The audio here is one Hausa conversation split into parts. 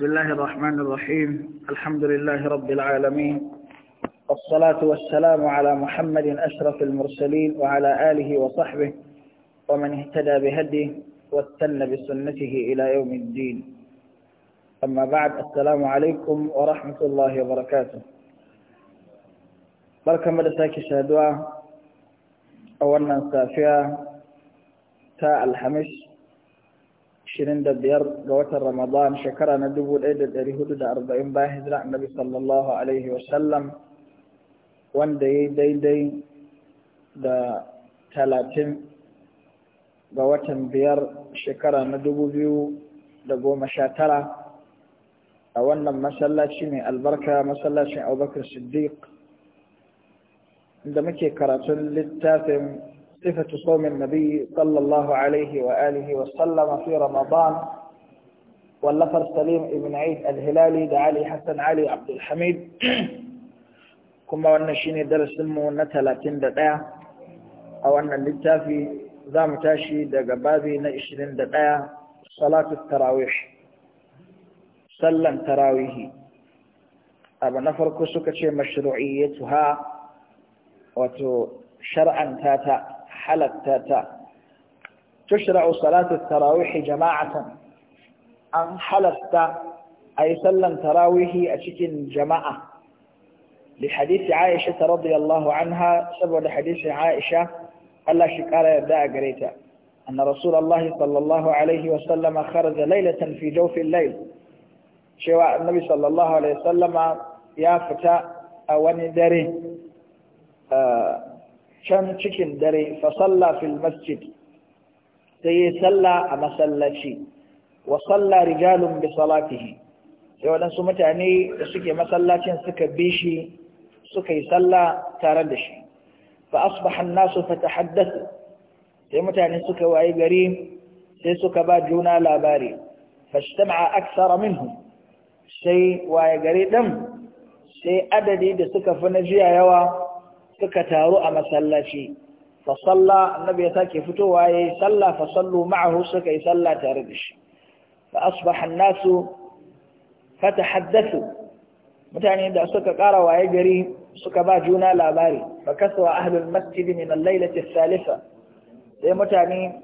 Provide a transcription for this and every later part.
بسم الله الرحمن الرحيم الحمد لله رب العالمين والصلاة والسلام على محمد أشرف المرسلين وعلى آله وصحبه ومن اهتدى بهديه واستنى بسنته إلى يوم الدين أما بعد السلام عليكم ورحمة الله وبركاته بركة مدساك شهدوا أولا سافيا تاء الحمش 25 ga watan Ramadan shekara na 1440 bayan hijira annabi sallallahu alaihi wasallam wanda ya yi daidai da 30 ga watan biyar shekara na 2019 a wannan masallaci mai albarka masallacin abubakar siddiq da muke karatun littafin صفة صوم النبي صلى الله عليه وآله وسلم في رمضان واللفر سليم ابن عيد الهلالي دعالي حسن علي عبد الحميد كما وانا شيني درس مونا تلاتين تندتا او انا اللي ذا متاشي دقا نشرين دتا صلاة التراويح سلم تراويه ابا نفر كسوكة مشروعيتها وتو شرعا تاتا حلت تاتا تشرع صلاة التراويح جماعة أن حلت أي سلم تراويه أشك جماعة لحديث عائشة رضي الله عنها سبب لحديث عائشة ألا شكال يبدأ قريتا أن رسول الله صلى الله عليه وسلم خرج ليلة في جوف الليل شواء النبي صلى الله عليه وسلم يافتا أو ندري آه، can cikin dare fa salla fil masjid sai ya salla a masallaci wa salla rijalun bi salatihi sai waɗansu mutane da suke masallacin suka bi shi suka yi salla tare da shi fa asbaha an-nasu fatahaddathu sai mutane suka wayi gari sai suka ba juna labari fashtama'a aksara minhum sai waye gari ɗan sai adadi da suka fi na jiya yawa suka taru a masallaci fa salla annabi ya sake fitowa yayi salla fa sallu ma'ahu suka yi salla tare da shi fa asbaha an-nasu fatahaddathu mutane da suka ƙara waye gari suka ba juna labari fa kaswa ahlul masjid min al-lailati ath-thalitha sai mutane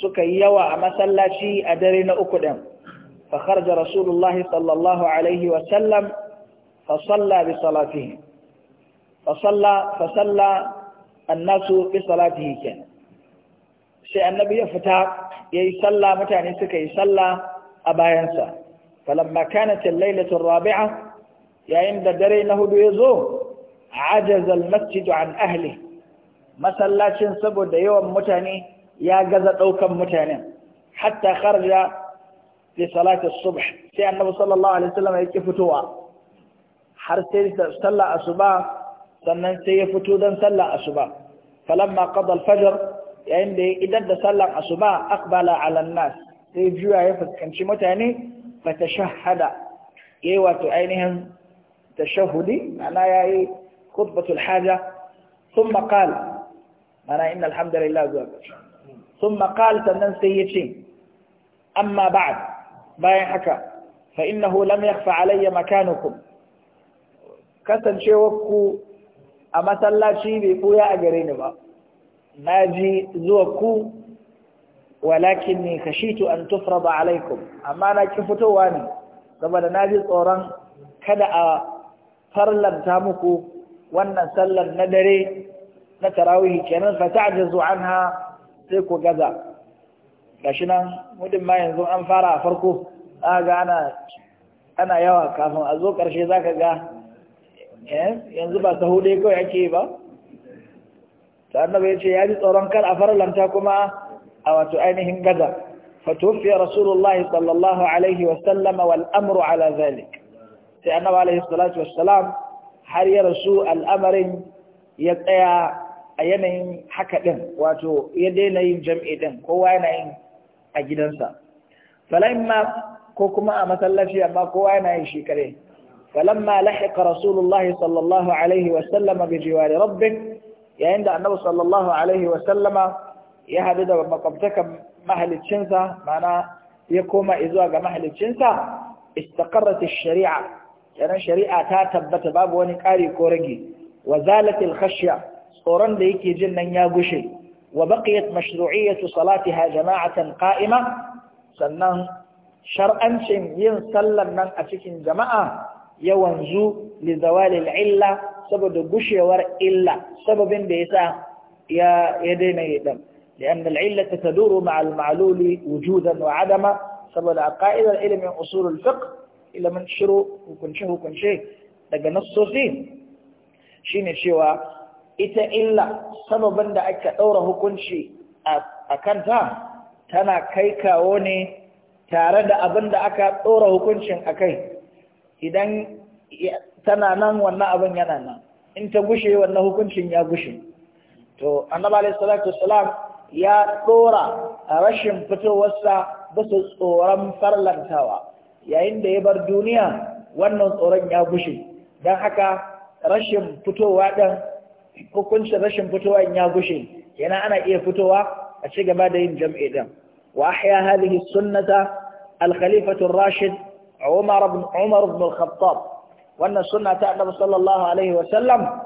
suka yi yawa a masallaci a dare na uku din fa kharaja rasulullahi sallallahu alaihi wa sallam fa salla bi salatihi فصلى فصلى الناس بصلاته كان سي النبي فتا يصلى متى نسك يصلى أبا ينسى فلما كانت الليلة الرابعة يا يعند درينه بيزو عجز المسجد عن أهله ما مسلا شنسبو يوم متاني يا قزت أوكم متاني حتى خرج في صلاة الصبح سيئ النبي صلى الله عليه وسلم يكفتوا حرسي صلى الصباح sannan sai ya fito don sallar asuba falamma qada al-fajr yayin da idan da sallar asuba aqbala ala nas sai juya ya fuskanci mutane fa tashahhada yayi wato ainihin tashahudi ana yayi khutbatul haja thumma qala ana inna alhamdulillah wa zuwa thumma qala sannan sai ya ce amma ba'd bayan haka fa innahu lam yakhfa alayya makanukum kasancewarku a masallaci bai ɓuya a gare ni ba na ji zuwa ku walakin ne kashitu an tufrada alaikum amma na ki fitowa ne saboda na ji tsoron kada a farlanta muku wannan sallar na dare na tarawih kenan fa ta'jizu anha sai ku gaza gashi nan mudin ma yanzu an fara a farko ga ana ana yawa kafin a zo karshe zaka ga Eh, yanzu ba sahu ɗaya kawai ake ba ta annaba ya ce ya ji tsoron kar a farlanta kuma a wato ainihin gaza fatofiya rasulullahi sallallahu alaihi wasallama wal amru ala zalik sai annaba alaihi salatu wassalam har ya rasu al'amarin ya tsaya a yanayin haka ɗin wato ya daina yin jam'i ɗin kowa yana yin a gidansa falai ma ko kuma a masallaci amma kowa yana yin shekare فلما لحق رسول الله صلى الله عليه وسلم بجوار ربه يا عند النبي صلى الله عليه ya haɗu da makwabtakan mahalicinsa mana ya koma izuwa ga mahalicinsa istaqarrat ash-shari'a kenan shari'a ta tabbata babu wani ƙari ko rage wa khashya tsoron da yake jin nan ya gushe wa baqiyat mashru'iyyatu salatiha jama'atan kaima? sannan shar'ancin yin sallar nan a cikin jama'a Yawanzu wanzu li zawalil illa saboda gushewar illa sababin da yasa ya daina yi dan لأن العلة تدور مع المعلول وجودا saboda a ka'idar ilimin usulul fiqh ilimin shiru hukunce hukunce daga nassosi shine cewa ita illa sababin da aka daura hukunci akanta tana kai kawo ne tare da abinda aka daura hukuncin akai idan tana nan wannan abin yana nan in ta gushe wannan hukuncin ya gushe to annabi alaihi salatu wassalam ya dora rashin fitowarsa su tsoron farlantawa yayin da ya bar duniya wannan tsoron ya gushe don haka rashin fitowa ɗin hukuncin rashin fitowa ya gushe yana ana iya fitowa a ci gaba da yin jam'i ɗin wa ahya hadhihi sunnata al-khalifatu rashid عمر بن عمر بن الخطاب وأن السنة تعلم صلى الله عليه وسلم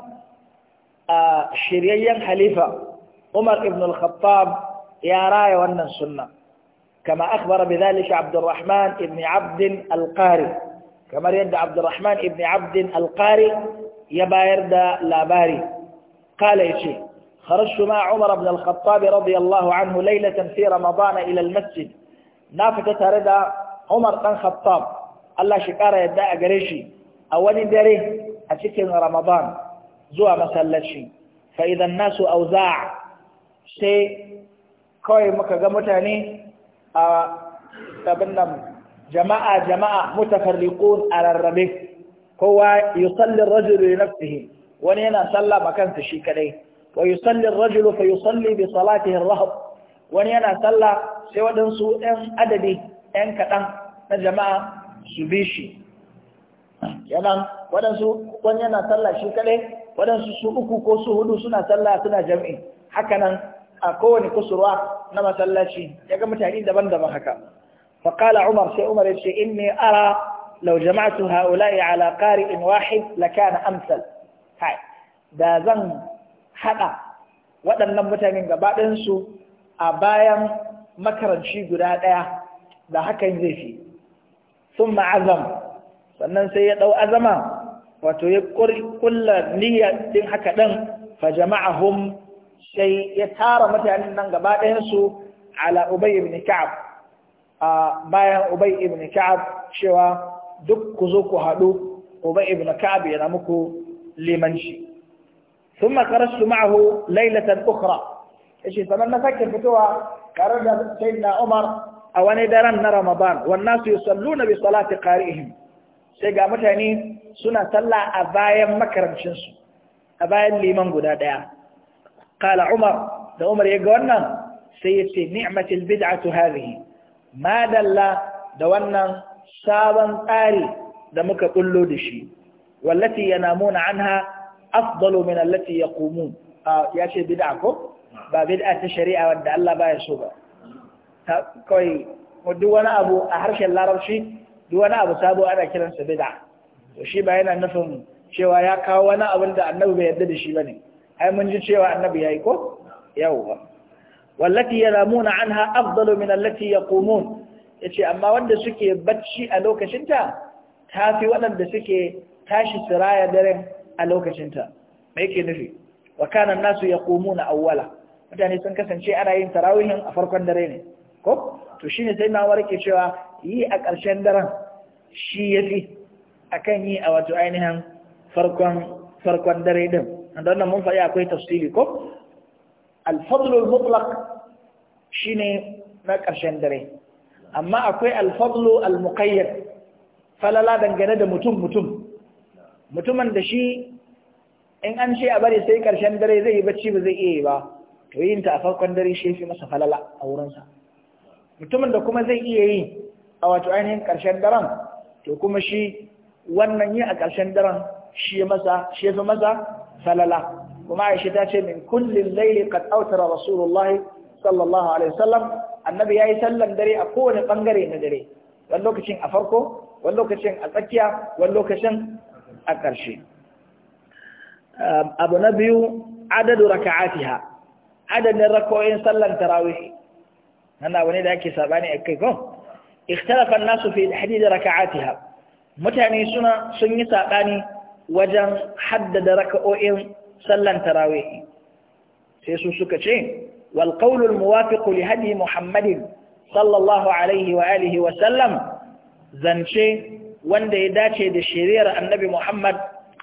آه، شريا حليفة عمر بن الخطاب يا راي وأن السنة كما أخبر بذلك عبد الرحمن بن عبد القاري كما يرد عبد الرحمن بن عبد القاري يبا يرد لا باري قال إيشي خرجت مع عمر بن الخطاب رضي الله عنه ليلة في رمضان إلى المسجد نافتة رد عمر بن الخطاب Allah shi ƙara yadda a gare shi a wani dare a cikin Ramadan zuwa masallaci fa idan nasu auza sai kawai muka ga mutane a tabin nan jama'a jama'a mutafarriqun a rarrabe kowa yusalli ar-rajulu na fi wani yana sallah makansa shi kadai wa yusalli ar-rajulu fa yusalli bi salatihi ar wani yana sallah sai waɗansu yan adadi yan kaɗan na jama'a su bi shi Yanan, waɗansu wani yana sallah shi kaɗai waɗansu su uku ko su hudu suna sallah suna jam'i haka nan a kowane kusurwa na masallaci ya ga mutane daban-daban haka faƙala umar sai umar ya ce in ne ara lau jama'atu ha'ula'i ala in wahid lakana amsal Hai. da zan haɗa waɗannan mutane gabaɗinsu a bayan makaranci guda ɗaya da hakan zai fi sun ma'azam sannan sai ya ɗau azama wato ya kulla niyya din haka ɗin fa jama'ahum sai ya tara mutanen nan gaba ɗayansu ala ubay ibn ka'ab bayan ubay ibn ka'ab cewa duk ku zo ku haɗu ubay ibn ka'ab yana muku limanci ثم خرجت معه ليلة na sake fitowa فكر da قررنا سيدنا Umar. a wani daren na Ramadan wannan su yusalluna bi salati qari'ihim sai ga mutane suna sallah a bayan makarancin a bayan liman guda ɗaya. qala Umar da Umar ya ga wannan sai ya ce ni'matil bid'atu hadhihi madalla da wannan sabon tsari da muka kullo da shi wallati yanamuna anha afdalu min ya yaqumun ah, ya ce bid'a ko ba bid'a ta shari'a wanda Allah baya so ba kawai duk wani abu a harshen larabci duk wani abu sabo ana kiransa bid'a to shi ba yana nufin cewa ya kawo wani abu da annabi bai yarda da shi bane ai mun ji cewa annabi yayi ko yawwa wallati yanamuna anha afdalu min allati yaqumun yace amma wanda suke bacci a lokacin ta tafi waɗanda suke tashi siraya daren a lokacin ta me yake nufi wa kana nasu yaqumuna awwala mutane sun kasance ana yin tarawihin a farkon dare ne ko to shine sai na warke cewa yi a ƙarshen daren shi ya fi a kan yi a wato ainihin farkon farkon dare din don nan mun faɗi akwai tafsiri ko alfadlul mutlaq shine na ƙarshen dare amma akwai alfadlu almuqayyad falala dangane da mutum mutum mutumin da shi in an ce a bari sai ƙarshen dare zai yi bacci ba zai iya yi ba to yin ta a farkon dare shi fi masa falala a wurinsa mutumin da kuma zai iya yi a wato ainihin ƙarshen daren to kuma shi wannan yi a ƙarshen daren shi ya fi masa falala kuma aisha ta ce min kullin laili qad autara rasulullah sallallahu alaihi wasallam annabi yayi sallan dare a kowane bangare na dare wani lokacin a farko wani lokacin a tsakiya wani lokacin a ƙarshe abu na biyu adadu raka'atiha adadin rakoyin sallan tarawih nan abu da ake sabani a kai ko ikhtalafa an-nasu fi hadid raka'atiha mutane suna sun yi saɓani wajen haddada raka'o'in sallan tarawih sai su suka ce wal qawlu al-muwafiq li hadi muhammadin sallallahu alaihi wa alihi wa sallam zance wanda ya dace da shari'ar annabi muhammad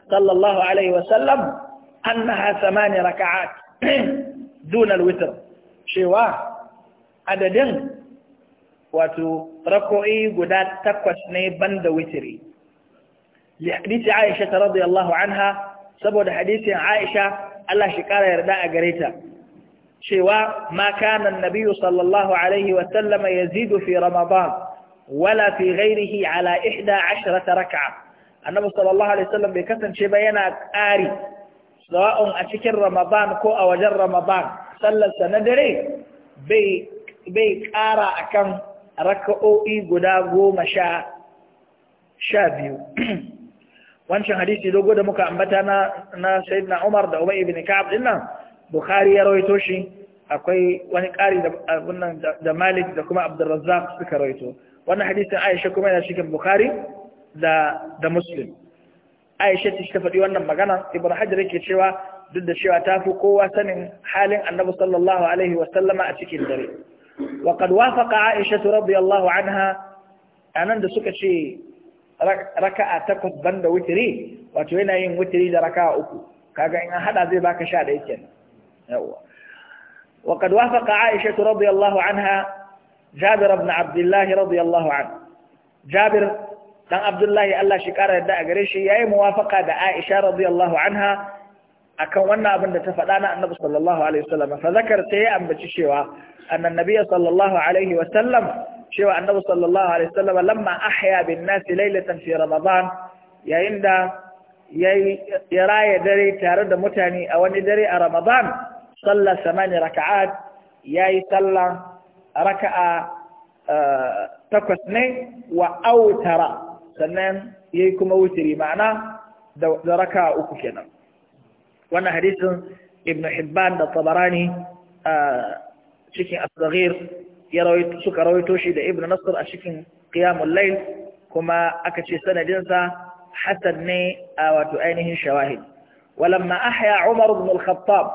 sallallahu alaihi wa sallam annaha samani raka'at dun al-witr cewa adadin wato rako'i guda takwas ne banda witiri li hadisi Aisha ta radiyallahu anha saboda hadisin Aisha Allah shi ƙara yarda a gare ta cewa ma kanan annabi sallallahu alaihi wa ya yazidu fi ramadan wala fi ghairihi ala 11 rak'a annabi sallallahu alaihi wasallam bai kasance ba yana ƙari sawa'un a cikin ramadan ko a wajen ramadan sallarsa na dare bai bai ƙara akan raka'o'i guda goma sha biyu wancan hadisi dogo da muka ambata na na Umar da Ubay ibn Ka'ab dinnan Bukhari ya rawaito shi akwai wani ƙari da Malik da kuma Abdul Razzaq suka rawaito wannan hadisin Aisha kuma yana cikin Bukhari da da Muslim Aisha ta faɗi wannan magana Ibn Hajar yake cewa duk da cewa ta fi kowa sanin halin Annabi sallallahu alaihi a cikin dare wa qad wafaqa Aisha radiyallahu anha anan da suka ce raka'a takwas banda witri wato yana yin witri da raka'a uku kaga in an zai baka 11 kenan yawa wa qad wafaqa Aisha radiyallahu anha Jabir ibn Abdullah radiyallahu anhu Jabir dan Abdullahi Allah shi kara yadda a gare shi yayi muwafaka da Aisha radiyallahu anha akan wannan abin da ta faɗa na Annabi sallallahu alaihi ta yi ambaci cewa annan nabiyya sallallahu alaihi wa sallam cewa annabi sallallahu alaihi wa sallam lamma ahya bin nas laylatan ramadan yayin da ya raya dare tare da mutane a wani dare a ramadan sallah samani raka'at yayi sallah raka'a takwas ne wa autara sannan yayi kuma wutiri ma'ana da raka'a uku kenan wannan hadisin ibn hibban da tabarani cikin asghir ya rawaito suka rawaito shi da ibnu nasr a cikin qiyamul layl kuma aka ce sanadin sa hasan ne a wato ainihin shawahid walamma ahya umar ibn al-khattab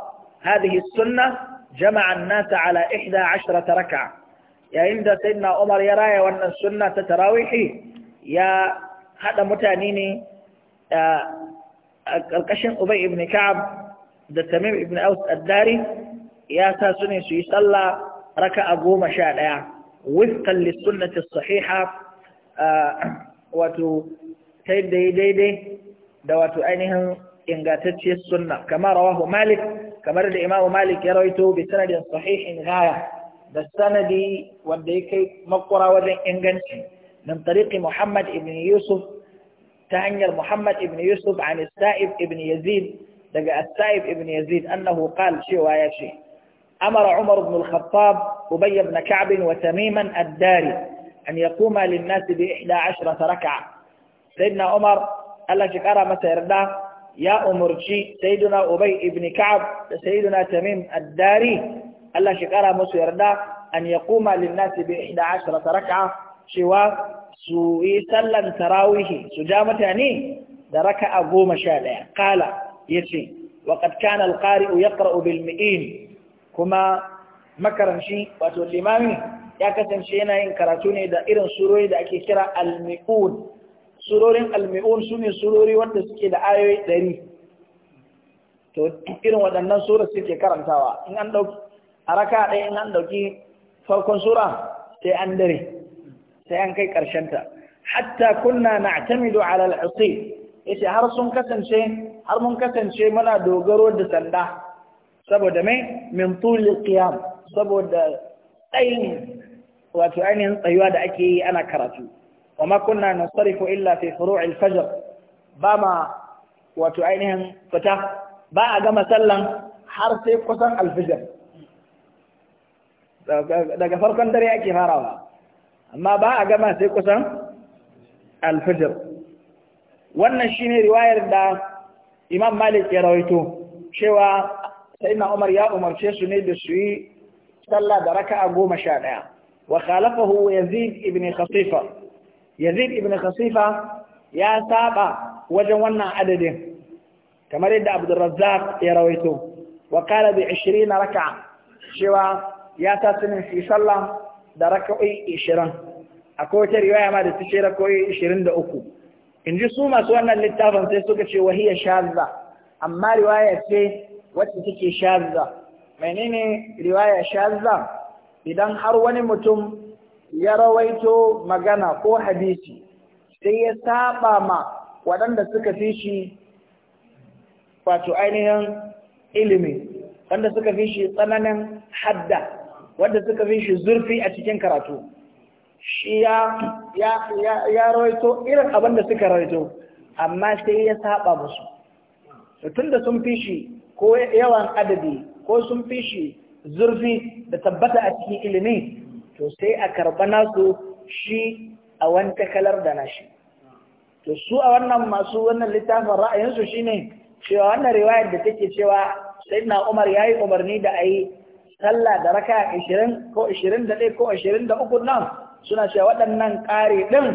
hadhihi as-sunnah jama'a an-nas ala 11 rak'a yayin da sayyidina umar ya raya wannan sunna ta tarawihi ya hada mutane ne a karkashin ubay ibn ka'ab da tamim ibn aus ad-dari ya sa su ne su yi sallah raka'a goma sha ɗaya wifkan lissunnati sahiha wato ta daidai da wato ainihin ingantacciyar sunna kamar rawahu malik kamar da imamu malik ya rawaito bi sanadin sahihin gaya da sanadi wanda ya kai makwara wajen inganci min tariqi muhammad ibn yusuf ta hanyar muhammad ibn yusuf an sa'ib ibn yazid daga sa'ib ibn yazid annahu qala cewa ya ce أمر عمر بن الخطاب أبي بن كعب وتميما الداري أن يقوم للناس بإحدى عشرة ركعة سيدنا عمر قال لك شكرا ما يا أمرجي سيدنا أبي بن كعب سيدنا تميم الداري قال لك شكرا ما أن يقوم للناس بإحدى عشرة ركعة شوى سوي سلم تراويه سجامة يعني درك أبو مشالع قال يسي وقد كان القارئ يقرأ بالمئين kuma makaranci wato limami ya kasance yana yin karatu ne da irin surori da ake kira almi'un surorin almi'un su ne surori wanda suke da ayoyi ɗari to irin waɗannan sura suke karantawa in an ɗauki a raka ɗaya in an ɗauki farkon sura sai an dare sai an kai ƙarshenta hatta kunna na'tamidu ala al-usil yace har sun kasance har mun kasance muna dogaro da sanda saboda mai min tuli qiyam saboda tsayin wato ainihin tsayuwa da ake yi ana karatu wa ma kunna nasarifu illa fi furu'il fajr ba ma wato ainihin fita ba a gama sallan har sai kusan alfijir daga farkon dare ake farawa amma ba a gama sai kusan alfijir wannan shine riwayar da imam malik ya rawaito cewa sai na Umar ya umarce su ne da suyi sallah da raka'a goma sha ɗaya wa khalafahu Yazid ibn Yazid ibn ya saɓa wajen wannan adadin kamar yadda Abdul ya rawaito wa qala bi 20 cewa ya ta tunin su sallah da raka'o'i 20 akwai wata riwaya ma da ta ce raka'o'i 23 in ji su masu wannan littafin sai suka ce wahiya shazza amma riwaya ce wacce take shazza menene riwaya shazza idan har wani mutum ya rawaito magana ko hadisi sai ya saba ma waɗanda suka fi shi wato ainihin ilimi wanda suka fi shi tsananin hadda wanda suka fi shi zurfi a cikin karatu shi ya ya ya, rawaito irin abin da suka rawaito amma sai ya saba musu tun da sun fi shi ko yawan adadi ko sun fi shi zurfi da tabbata a cikin ilimi to sai a karɓa nasu shi a wanta kalar da nashi to su a wannan masu wannan littafin ra'ayinsu shi ne cewa wannan riwayar da take cewa na Umar ya yi umarni da a yi sallah da raka 20 ko 21 ko 23 nan suna cewa waɗannan ƙari ɗin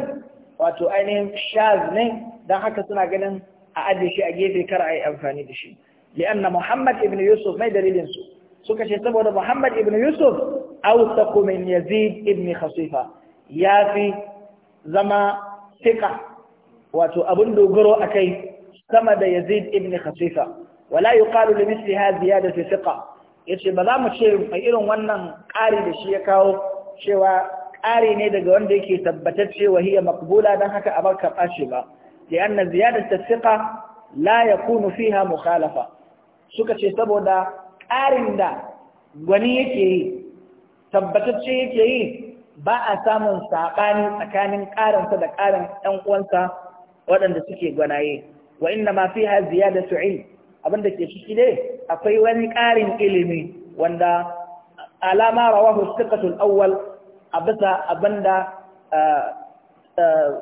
wato ainihin shaz ne dan haka suna ganin a ajiye shi a gefe kar a yi amfani da shi li'anna Muhammad ibn Yusuf mai dalilin su suka saboda Muhammad ibn Yusuf awsaqu min Yazid ibn Khasifa yafi zama tika wato abun dogaro a kai. sama da Yazid ibni Khasifa wala yuqalu li misli hadhihi ziyadatu thiqa yace ba za mu ce irin wannan ƙari da shi ya kawo cewa ƙari ne daga wanda yake tabbatacce wa hiya maqbula dan haka a barka ɓace ba li'anna ziyadatu thiqa la yakunu fiha mukhalafa suka ce saboda ƙarin da gwani yake yi tabbatacce yake yi ba a samun saɓani tsakanin ƙarinsa da ƙarin ɗan uwansa waɗanda suke gwanaye wa inda ma fiha da ilm abinda ke ciki ne? akwai wani ƙarin ilimi wanda alama rawahu a awwal bisa abinda eh, eh,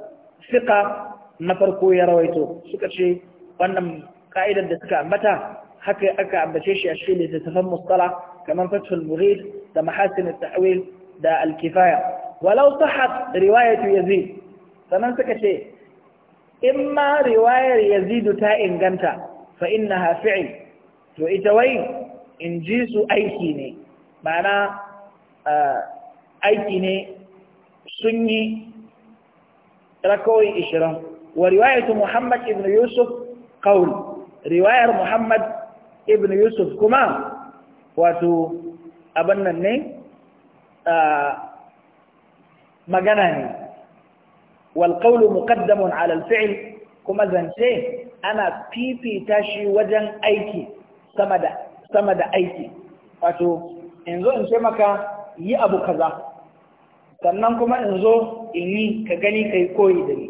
thiqa na farko ya rawaito suka ce wannan ka'idar da suka ambata حكى أكا عبا شيشي الشيء اللي تتفهم مصطلح كمان فتح المغير ده محاسن التحويل ده الكفاية ولو صحت رواية يزيد فننسك شيء إما رواية يزيد تاء جنتا فإنها فعل وإتوين إنجيس أي كيني معنى آه، أي كيني سني ركوي إشرا ورواية محمد بن يوسف قول رواية محمد ibn yusuf kuma wato abin nan ne magana ne walƙaulu muƙaddamun alalfi'il kuma zance ana fifita shi wajen aiki sama da aiki wato in zo in ce maka yi abu kaza sannan kuma in zo in yi ka gani ka yi koyi da ni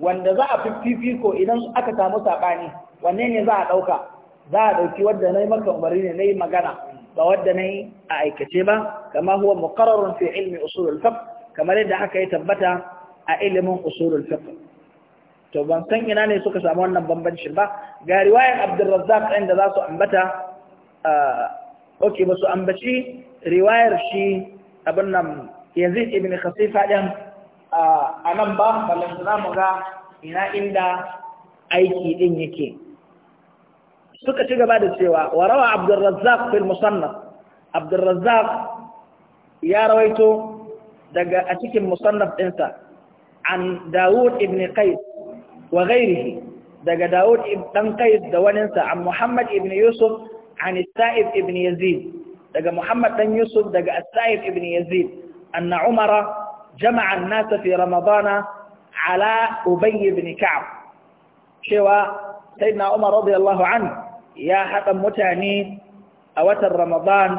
wanda za a fi fifiko idan aka samu saɓani wanne ne za a ɗauka za a ɗauki wadda na yi maka umarni ne na yi magana ba wadda na a aikace ba kama huwa muqarrarun fi ilmi usulul fiqh kamar yadda aka yi tabbata a ilimin usulul fiqh to ban san ina ne suka samu wannan bambanci ba ga riwayar Abdul Razzaq inda za su ambata ah, okay ba su ambaci riwayar shi abin nan Yazid ibn Khasifa ɗin ah, a nan ba ballan mu ga ina inda aiki ɗin yake suka ci gaba da cewa wa rawa abdurrazzaq fil musannaf abdurrazzaq ya rawaito daga a cikin musannaf ɗinsa an dawud ibn qais wa ghairihi daga dawud ibn qais da waninsa an muhammad ibn yusuf an sa'id ibn yazid daga muhammad dan yusuf daga sa'id ibn yazid an umara jama'a an-nas fi ramadana ala ubay ibn ka'b cewa sayyidina umar radiyallahu anhu ya haɗa mutane a watan Ramadan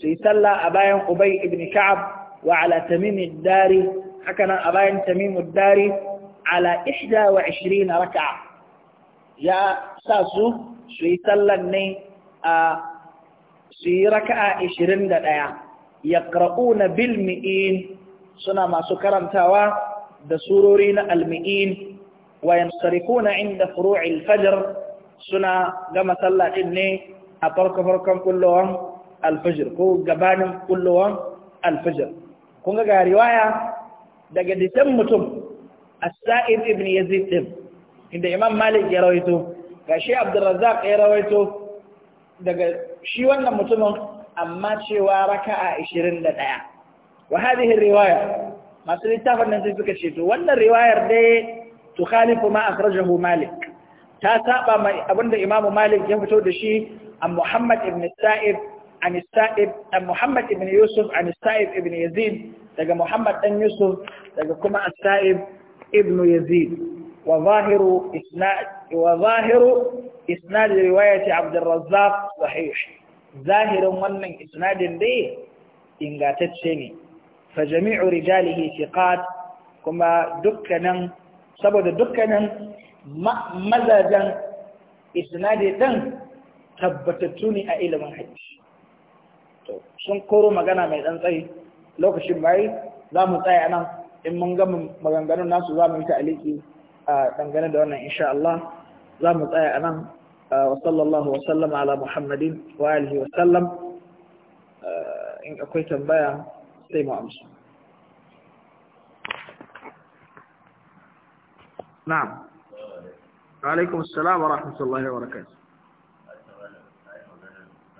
su yi sallah a bayan Ubay ibn Ka'ab wa ala Tamim dari haka nan a bayan Tamim dari ala 21 ya sa su su yi sallan ne a su yi raka'a 21 yaqra'una bil mi'in suna masu karantawa da surori na almi'in wa yansarikuna inda فروع الفجر suna gama sallah din ne a farko-farkon kullowan alfajir ko gabanin kullowan alfajir kun ga riwaya daga disan mutum as-sa'id ibn yazid din inda imam malik ya rawaito shi abdurrazzaq ya rawaito daga shi wannan mutumin amma cewa raka'a 21 wa hadhihi riwaya masu littafin nan sai suka ce to wannan riwayar dai tukhalifu ma akhrajahu malik ta saba mai abinda Imam Malik ya fito da shi an Muhammad ibn Sa'id an Sa'id an Muhammad ibn Yusuf an Sa'id ibn Yazid daga Muhammad dan Yusuf daga kuma Sa'id ibn Yazid wa zahiru isnad wa zahiru isnad riwayati Abd al-Razzaq sahih zahirin wannan isnadin dai ingantacce ne fa jami'u rijalihi thiqat kuma dukkanin saboda dukkanin mazajen isnadi ɗin tabbatattu ne a ilimin hajji sun koro magana mai ɗan tsaye lokacin bayi za mu tsaya nan in mun gama maganganun nasu za mu yi ta'aliki a dangane da wannan insha Allah za mu tsaya a nan wa sallallahu wa sallam ala muhammadin wa alihi wa sallam in akwai tambaya sai mu amsa na'am عليكم السلام ورحمة الله وبركاته